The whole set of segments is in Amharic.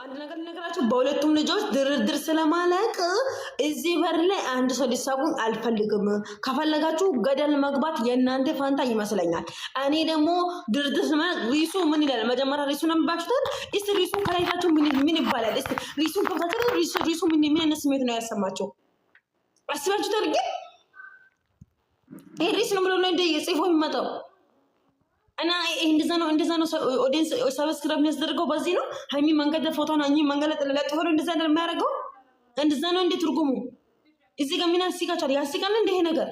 አንድ ነገር ልነግራቸው፣ በሁለቱም ልጆች ድርድር ስለማለቅ እዚህ በር ላይ አንድ ሰው ሊሳቁኝ አልፈልግም። ከፈለጋችሁ ገደል መግባት የእናንተ ፈንታ ይመስለኛል። እኔ ደግሞ ድርድር ስለማለቅ ሪሱ ምን ይላል? መጀመሪያ ሪሱ ነው እስቲ ሪሱ ከላይታችሁ ምን ይባላል? እስቲ ሪሱ ከብታችሁ ሪሱ ምን አይነት ስሜት ነው ያሰማቸው? አስባችሁታል? ግን ይህ ሪስ ነው ብሎ ነው እንደ ጽፎ የሚመጣው እና እንደዛ ነው እንደዛ ነው ኦዲንስ ሰብስክራይብ የሚያስደርገው በዚህ ነው። ሀይሚ መንገድ ፎቶን ሀይሚ መንገድ ለጥፎ ሆኖ እንደዛ ነው የሚያደርገው። እንደዛ ነው እንዴ ትርጉሙ እዚህ ጋር ምን ያስቃቻል? ያስቃል እንደ ይሄ ነገር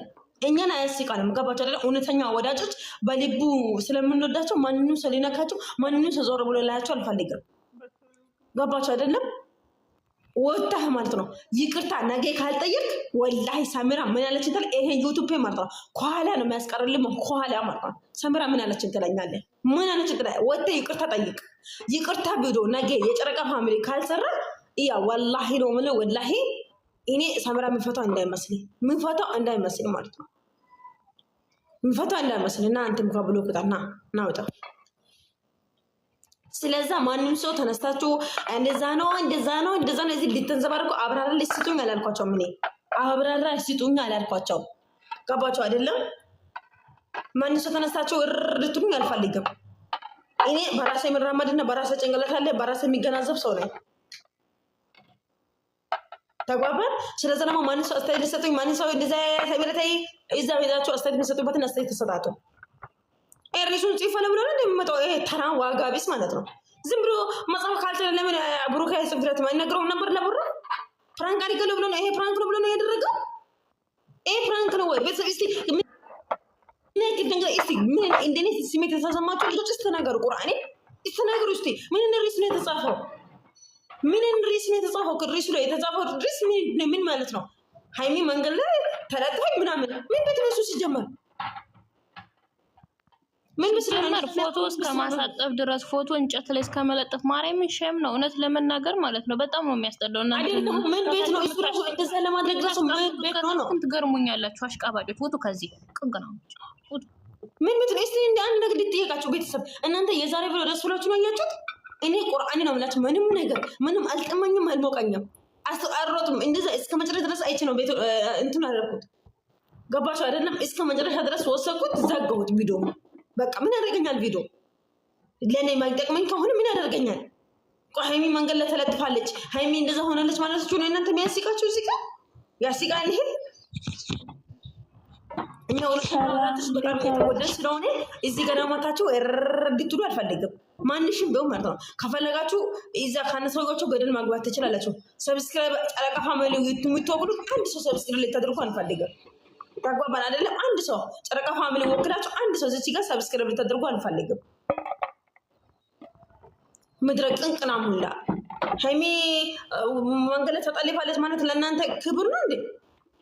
እኛን አያስቃልም። ገባቸው አይደለም? እውነተኛ ወዳጆች በልቡ ስለምንወዳቸው ማንኑ ሰሊነካቸው ማንኑ ሰዞር ብሎ ላያቸው አልፈልግም። ገባቸው አይደለም? ወጣህ ማለት ነው። ይቅርታ ነገ ካልጠየቅ ወላሂ ሰምራ ምን ያለችን እንትን ይሄን ዩቱብ ማለት ነው ከኋላ ነው የሚያስቀርልም ከኋላ ማለት ነው። ሰምራ ምን ያለችን እንትለኛለ ምን ያለችን እንትን ወጥተህ ይቅርታ ጠይቅ። ይቅርታ ቪዲዮ ነገ የጨረቃ ፋሚሊ ካልሰራ እያ ወላሂ ነው ምለ ወላሂ እኔ ሰምራ ምፈታው እንዳይመስል ምፈታው እንዳይመስል ማለት ነው። ምፈታው እንዳይመስል እና አንተም ከብሎ ቁጣና ናውጣ ስለዛ ማንም ሰው ተነስታችሁ እንደዛ ነው እንደዛ ነው እንደዛ ነው እዚህ ልትንዘባርቁ አብራራ ስጡኝ አላልኳቸውም። እኔ አብራራ ስጡኝ አላልኳቸውም። ገባቸው አይደለም? ማንም ሰው ተነስታችሁ እርድቱኝ አልፈልግም። እኔ በራሴ የምራመድና በራሴ ጭንቅላት አለ በራሴ የሚገናዘብ ሰው ነኝ። ተግባባን። ስለዛ ደግሞ ማንም ሰው አስተያየት ሰጡኝ ማንም ሰው እንደዛ ተብለታይ እዛ ሄዳችሁ አስተያየት የሚሰጡበትን አስተያየት ተሰጣጡ። ጨርሱን ጽፎ ነው ብሎ እንደሚመጣው ይሄ ተራ ዋጋ ቢስ ማለት ነው። ዝም ብሎ መጽሐፍ ካልቻለ ለምን ብሩክ ጽፍረት ነግረው ነበር። ለቡራ ፍራንክ አድርገለው ብሎ ነው ይሄ ፍራንክ ነው ብሎ ነው ያደረገው። ይሄ ፍራንክ ነው ወይ ቤተሰብ ምን እንደኔ ስሜት የተሰማቸው ልጆች ስተናገሩ ቁርአኔ ስተናገሩ ስ ምን ርዕስ ነው የተጻፈው? ምን ርዕስ ነው የተጻፈው? ርዕሱ ላይ የተጻፈው ርዕስ ምን ማለት ነው? ሀይሚ መንገድ ላይ ተለጥፈኝ ምናምን ምን ቤት ነሱ ሲጀመር ምን ስለማር ፎቶ እስከማሳጠብ ድረስ ፎቶ እንጨት ላይ እስከመለጠፍ መለጠፍ ማርያምን ሸም ነው። እውነት ለመናገር ማለት ነው በጣም ነው የሚያስጠላው። እና ምን ቤት ነው እሱ ራሱ እንደዛ ለማድረግ ራሱ ምን ቤት ነው? ትገርሙኛላችሁ አሽቃባጮች። ፎቶ ከዚህ ቅንቅ ነው። ምን ቤት ነው? እስቲ እንደ አንድ ነገር ልጠይቃችሁ ቤተሰብ። እናንተ የዛሬ ብሎ ደስ ብሏችሁ ነው ያያችሁት? እኔ ቁርአን ነው የምላችሁ። ምንም ነገር ምንም አልጠማኝም፣ አልሞቀኝም፣ አልሮጥም። እንደዛ እስከ መጨረሻ ድረስ አይቼ ነው ቤት እንትን አደረኩት። ገባችሁ አይደለም? እስከ መጨረሻ ድረስ ወሰድኩት፣ ዘጋሁት ቪዲዮ በቃ ምን ያደርገኛል? ቪዲዮ ለእኔ የማይጠቅመኝ ከሆነ ምን ያደርገኛል? ሀይሚ መንገድ ላይ ተለጥፋለች፣ ሀይሚ እንደዛ ሆናለች ማለታችሁ ነው እናንተ የሚያስቃችሁ? እዚህ ጋር ያስቃል። ይሄ እኛ ሁለተኛች በጣም የተወደደ ስለሆነ እዚህ ጋር ማታችሁ ርድትሉ አልፈልግም። ማንሽም ቢሆን ማለት ነው። ከፈለጋችሁ እዛ ካነሳዎቻችሁ ገደል ማግባት ትችላላችሁ። ሰብስክራይብ ጨረቃ ፋሚሊ የምትወክሉት አንድ ሰው ሰብስክራይብ ልታደርጉ አንፈልግም። ተግባባን አይደለም? አንድ ሰው ጨረቃ ፋሚሊ ወክላችሁ አንድ ሰው እዚህ ጋር ሰብስክሪብ ተደርጎ አልፈልግም። ምድረ ቅንቅና ሙላ ሀይሜ መንገድ ላይ ተጠልፋለች ማለት ለእናንተ ክብር ነው እንዴ?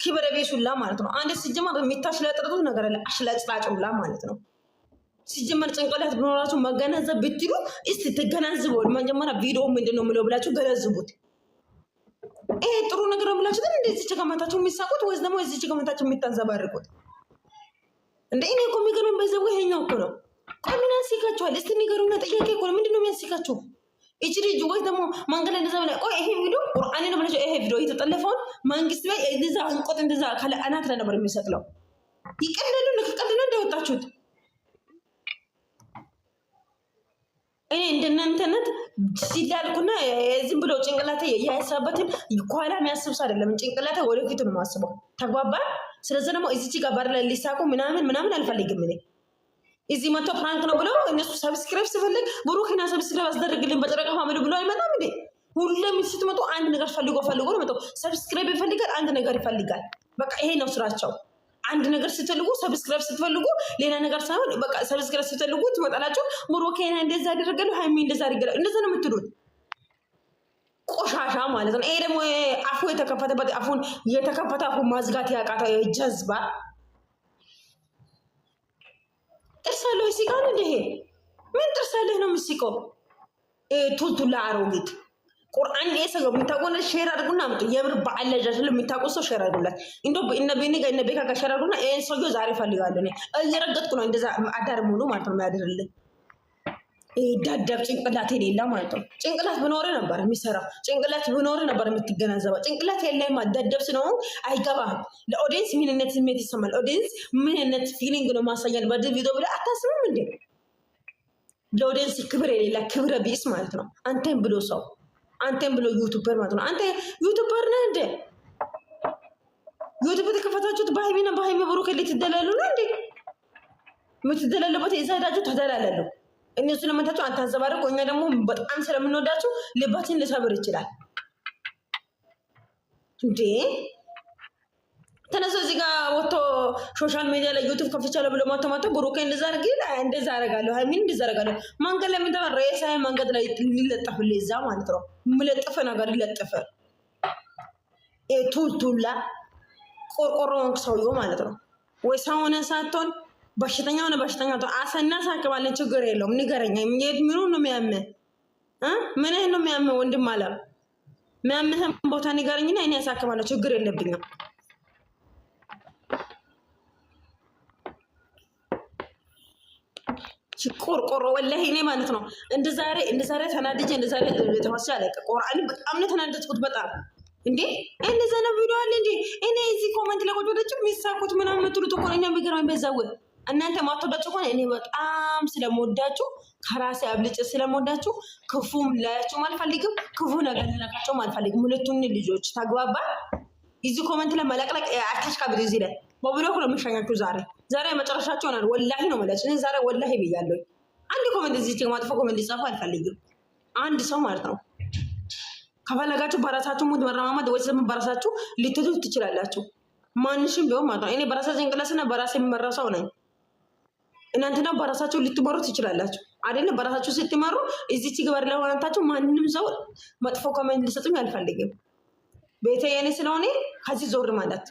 ክብረ ቤሱላ ማለት ነው። አንድ ሲጀመር የሚታሽላጥጡት ነገር አለ ማለት ነው። ሲጀመር ጭንቅላት ብኖራቸው መገናዘብ ብትሉ እስቲ ተገናዝበው መጀመሪያ ቪዲዮ ምንድን ነው የምለው ብላችሁ ገለዝቡት። ይሄ ጥሩ ነገር ብላችሁ ግን እንደዚህ ጭቀመታቸው የሚሳቁት ወይስ ደግሞ እዚህ ጭቀመታቸው የሚታንዘባርቁት? እንደ እኔ እኮ የሚገርም በዘቡ ይሄኛው እኮ ነው። ቆይ ምን ያስቃችኋል? እስቲ ንገሩና ጥያቄ እኮ ነው። ምንድን ነው የሚያስቃችሁ? እቺ ልጅ ወይ ደግሞ መንገድ ላይ እንደዛ ብላ ቆይ ይሄ ቪዲዮ ቁርአን ነው ብላችሁ ይሄ ቪዲዮ የተጠለፈውን መንግስት ላይ እንደዛ እንቆጥ እንደዛ ካለ አናት ላይ ነበር የሚሰጥለው። ይቀልሉ ነው እንደወጣችሁት እኔ እንደናንተነት ሲላልኩና ዝም ብሎ ጭንቅላተ ያሰበትን ከኋላ የሚያስብ አይደለም። ጭንቅላተ ወደፊት ነው ማስበው። ተግባባን። ስለዚህ ደግሞ እዚች ጋር ባር ላይ ሊሳቁ ምናምን ምናምን አልፈልግም እኔ እዚህ መጥቶ ፕራንክ ነው ብለው እነሱ ሰብስክሪብ ስፈልግ ብሩክና ሰብስክሪብ አስደርግልን በጨረቃ ፋሚሊ ብሎ አይመጣም እንዴ? ሁሉም ስትመጡ አንድ ነገር ፈልጎ ፈልጎ ነው መጣው። ሰብስክሪብ ይፈልጋል፣ አንድ ነገር ይፈልጋል። በቃ ይሄ ነው ስራቸው። አንድ ነገር ስትፈልጉ ሰብስክራይብ ስትፈልጉ ሌላ ነገር ሳይሆን በቃ ሰብስክራይብ ስትፈልጉ ትመጣላችሁ። ሞሮኬና እንደዛ ያደረገሉ ሀይሚ እንደዛ ያደርገላል። እንደዛ ነው የምትሉት ቆሻሻ ማለት ነው። ይሄ ደግሞ አፉ የተከፈተበት አፉን የተከፈተ አፉ ማዝጋት ያቃታ ጀዝባ ጥርሳለሁ ሲቃን እንደሄ ምን ጥርሳለህ ነው የምትስቀው ቱልቱላ አሮጊት ቁርአን ነው የሚታውቁ ሼር አድርጉና አምጡ። የብር በዓል ላይ የሚታውቁ ሰው ሼር አድርጉላት። እንዶ እነ ቤኒ ጋር እነ ቤካ ጋር ሼር አድርጉና ይሄን ሰውዬው ዛሬ ፈልጋለሁ እኔ እየረገጥኩ ነው። እንደዛ አዳር ሙሉ ማለት ነው የሚያድርልን ደደብ ጭንቅላት የሌላ ማለት ነው። ጭንቅላት ብኖር ነበር የሚሰራ ጭንቅላት ብኖር ነበር የምትገናዘባ። ጭንቅላት የለማ ደደብ ስለሆን አይገባህም። ለኦዲየንስ ምንነት ስሜት ይሰማል። ኦዲየንስ ምንነት ፊሊንግ ነው ማሳያል። በድ ቪዲዮ ብለ አታስብም እንዴ? ለኦዲንስ ክብር የሌላ ክብረ ቢስ ማለት ነው አንተን ብሎ ሰው አንተም ብሎ ዩቱበር ማለት ነው። አንተ ዩቱበር ነህ እንዴ? ዩቱብ የተከፈታችሁት በሀይሚና በሀይሚ ብሩክ ትደላሉ ነው እንዴ? የምትደላለበት የዛ ሄዳችሁ ተደላለሉ። እነሱ አንተ አንታንዘባርቁ። እኛ ደግሞ በጣም ስለምንወዳቸው ልባችን ልሰብር ይችላል እንዴ? ተነሶ እዚህ ጋር ወጥቶ ሶሻል ሚዲያ ላይ ዩቱብ ከፍቻለሁ ብሎ መቶ መቶ ብሩኬ እንደዛ አርግ እንደዛ አረጋለሁ ሀይሚን እንደዛ አረጋለሁ። መንገድ ላይ ምንተባ ሬሳ መንገድ ላይ ሊለጠፍልህ እዛ ማለት ነው ምለጥፍ ነገር ይለጥፍ ቱልቱላ ቆርቆሮ ሰውዬው ማለት ነው ወይ ሰው ሆነ ሳትሆን በሽተኛ ሆነ በሽተኛ አሰና ሳክባለን ችግር የለውም። ንገረኛ ምኑ ነው የሚያመ ምንህ ነው የሚያመ ወንድም አለ ሚያምህን ቦታ ንገረኝና እኔ ያሳክማለሁ ችግር የለብኛም። ቆርቆሮ ወላሂ እኔ ማለት ነው እንደ ዛሬ እንደ ዛሬ ተናድጄ እንደ ዛሬ ተዋስቼ አላውቅም። ቁርአን በጣም ነው ተናደድኩት። በጣም እንዴ እንደዛ ነው ቪዲዮ አለ እንዴ? እኔ እዚህ ኮመንት ላይ ቁጭ ብላችሁ የሚሳኩት ምናምን የምትሉት እኮ ነው። እኛ የሚገርመኝ በዛው እናንተ ማትወዳችሁ ሆነ እኔ በጣም ስለምወዳችሁ ከራሴ አብልጭ ስለምወዳችሁ ክፉም ላያችሁም አልፈልግም። ክፉ ነገር ልነካቸውም አልፈልግም። ሁለቱን ልጆች ተግባባ። እዚህ ኮመንት ላይ መለቅለቅ አታሽቃብጥ። እዚህ ላይ በብሎክ ነው የሚሸኛችሁ ዛሬ ዛሬ መጨረሻቸው ይሆናል። ወላሂ ነው መለች። እኔ ዛሬ ወላሂ ብያለሁ። አንድ ኮመንት እዚህ መጥፎ ኮመንት ጻፉ አልፈልግም። አንድ ሰው ማለት ነው። ከፈለጋችሁ በራሳችሁ ሙድ መረማመድ ወይ ዘመን በራሳችሁ ልትሄዱ ትችላላችሁ። ማንሽም ቢሆን ማለት ነው። እኔ በራሳ ጭንቅላስና በራሴ የምመራሰው ነኝ። እናንተና በራሳችሁ ልትመሩ ትችላላችሁ አይደለም። በራሳችሁ ስትመሩ እዚህ ችግበር ላይ ሆናታችሁ ማንም ሰው መጥፎ ኮመንት ሊሰጡኝ አልፈልግም። ቤተ የኔ ስለሆነ ከዚህ ዞር ማለት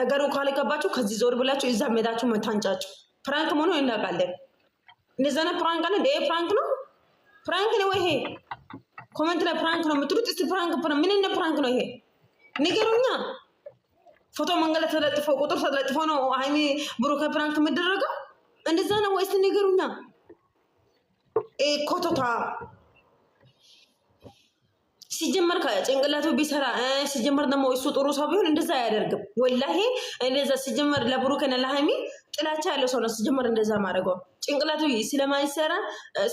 ነገሩ ካልገባችሁ ከዚህ ዞር ብላችሁ እዛ ሜዳችሁ መታንጫችሁ። ፕራንክ መሆኑ እናውቃለን። እንደዛነ ፍራንክ አለ። ይሄ ፍራንክ ነው፣ ፍራንክ ነው። ይሄ ኮመንት ላይ ፍራንክ ነው የምትሉት እስቲ ፕራንክ ምን እንደ ፍራንክ ነው ይሄ ንገሩኛ። ፎቶ መንገድ ተለጥፎ ቁጥር ተለጥፎ ነው ሀይሚ ብሩክ ፕራንክ የምደረገው እንደዛ ነው ወይስ ንገሩኛ። ኮቶታ ሲጀመር ከጭንቅላቱ ቢሰራ ሲጀመር ደግሞ እሱ ጥሩ ሰው ቢሆን እንደዛ አያደርግም። ወላሄ እንደዛ ሲጀመር ለብሩክና ለሃይሚ ጥላቻ ያለው ሰው ነው። ሲጀመር እንደዛ ማድረገው ጭንቅላቱ ስለማይሰራ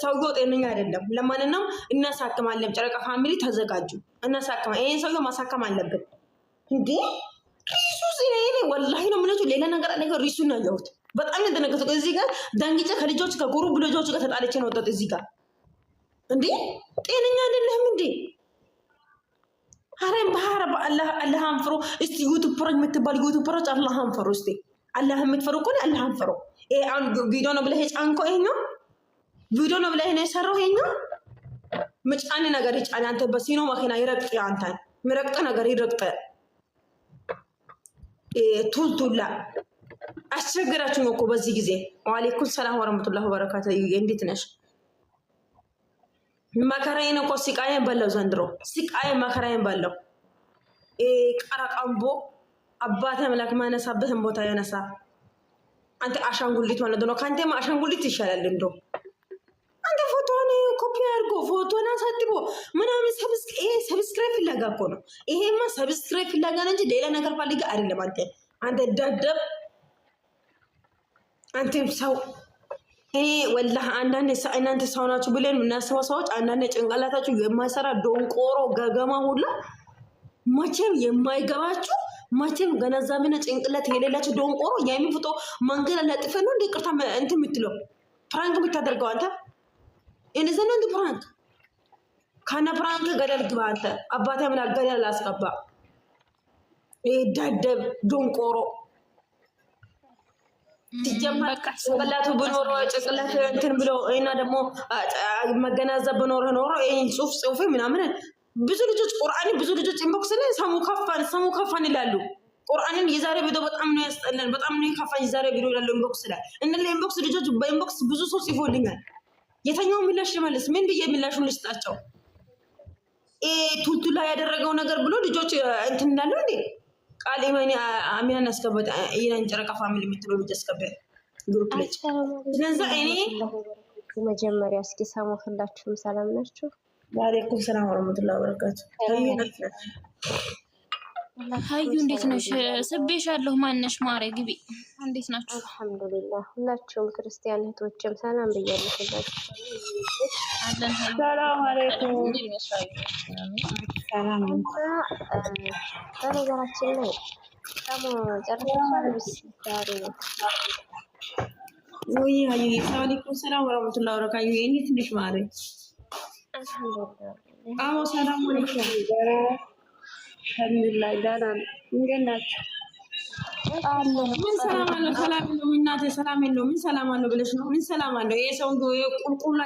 ሰውዬው ጤነኛ አይደለም። ለማንኛውም እናሳክማለን። ጨረቃ ፋሚሊ ተዘጋጁ፣ እናሳክማ ይህን ሰውዬው ማሳከም አለብን። እንዲ ሪሱ ኔ ወላሂ ነው ምነች ሌላ ነገር ነገር ሪሱ ነው ያየሁት። በጣም የተነገሰ እዚህ ጋር ዳንግጬ ከልጆች ከጉሩብ ልጆች ጋር ተጣልቼ ነው ወጣት እዚህ ጋር እንዴ ጤነኛ አይደለም እንዴ ኧረ በሀረብ አላህን ፍሩ። እስቲ ዩቱበሮች የምትባል ዩቱበሮች አላህን ፍሩ። እስቲ አላህ የምትፈሩ እኮ አላህን ፍሩ። ቪዲዮ ነው ብለህ የጫንከው ይሄኛው ቪዲዮ ነው ብለህ ነው የሰራው ይሄኛው ምጫን ነገር ይጫን። አንተ በሲኖ መኪና ይረቅጥ፣ አንተን የሚረቅጥ ነገር ይረቅጥ። ቱልቱላ አስቸግራችሁ እኮ በዚህ ጊዜ። ዋሌኩም ሰላም ወረመቱላ በረካቱ። እንዴት ነሽ? መከራዬን እኮ ስቃዬን በለው ዘንድሮ ስቃዬ መከራዬን በላው። ቀረቀምቦ አባተ አምላክ ማነሳበትን ቦታ ያነሳ አንተ አሻንጉሊት ማለት ነው። ከአንተማ አሻንጉሊት ይሻላል እንዶ አንተ ፎቶን ኮፒ አድርጎ ፎቶን አሳድቦ ምናምን ሰብስክራይብ ፍላጋ እኮ ነው። ይሄማ ሰብስክራይብ ፍላጋ ነው እንጂ ሌላ ነገር ፈልጋ አይደለም። አንተ አንተ ደደብ አንተም ሰው ይሄ ወላሂ አንዳንድ እናንተ ሰው ናችሁ ብለን የምናስበው ሰዎች አንዳንድ ጭንቅላታችሁ የማይሰራ ዶንቆሮ ገገማ ሁላ መቼም የማይገባችሁ መቼም ገነዛብና ጭንቅላት የሌላችሁ ዶንቆሮ የሚፍጦ መንገድ ለጥፍ ነው እንደ ቅርታ እንትን የምትለው ፕራንክ የምታደርገው አንተ እነዚ ነው እንዲ ፕራንክ ከነ ፕራንክ ገደል ግባ አንተ አባቴ ምን ገደል አስገባ ይህ ደደብ ዶንቆሮ ሲጀመር ጭንቅላቱ ብኖረ ጭንቅላቱ እንትን ብሎ እና ደግሞ መገናዘብ ብኖረ ኖሮ ይህን ጽሁፍ ጽሁፌ ምናምን ብዙ ልጆች ቁርአን ብዙ ልጆች ኢንቦክስ ላይ ሰሙ ከፋን ሰሙ ከፋን ይላሉ። ቁርአንን የዛሬ ቪዲዮ በጣም ነው ያስጠላል፣ በጣም ነው ከፋኝ የዛሬ ቪዲዮ ይላሉ ኢንቦክስ ላይ እና ለኢንቦክስ ልጆች በኢንቦክስ ብዙ ሰው ጽፎልኛል። የተኛው ምላሽ ልመልስ ምን ብዬ ምላሹን ልስጣቸው? ቱልቱላ ያደረገው ነገር ብሎ ልጆች እንትን እንዳለው እንዴ ቃል ወይኔ አሚናን ያስገበት ይህን ጨረቃ ፋሚሊ የምትለው ልጅ ያስገበት ግሩፕ ልጅ። ስለዛ እኔ መጀመሪያ እስኪ ሰሙ ሁላችሁም ሰላም ናችሁ? ዋሌኩም ሰላም ወረመቱላ በረካቱ። ሀዩ እንዴት ነሽ? ስቤሻለሁ። ማነሽ? ማሬ ግቢ እንዴት ናችሁ? አልሐምዱሊላ። ሁላችሁም ክርስቲያን እህቶችም ሰላም ብያለሁ ሁላችሁ ሰላም አለይኩም። በነገራችን ላይ ሰላም ወረመቱላ ወረካዩ የኔ ትንሽ ማለ አዎ፣ ሰላም አለይኩም። አልሐምዱሊላህ ደህና ነው። እንዴት ናቸው? ምን ሰላም አለው? ሰላም የለውም እናቴ፣ ሰላም የለውም። ምን ሰላም አለው ብለሽ ነው? ምን ሰላም አለው? ይሄ ሰው ቁልቁል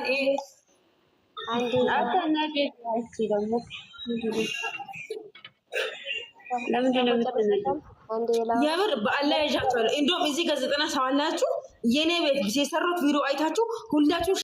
የምር በአላ ያዣቸዋለሁ። እንደውም እዚህ ጋር ዘጠና ሰው አላችሁ የኔ ቤት የሰሩት ቪዲዮ አይታችሁ ሁላችሁ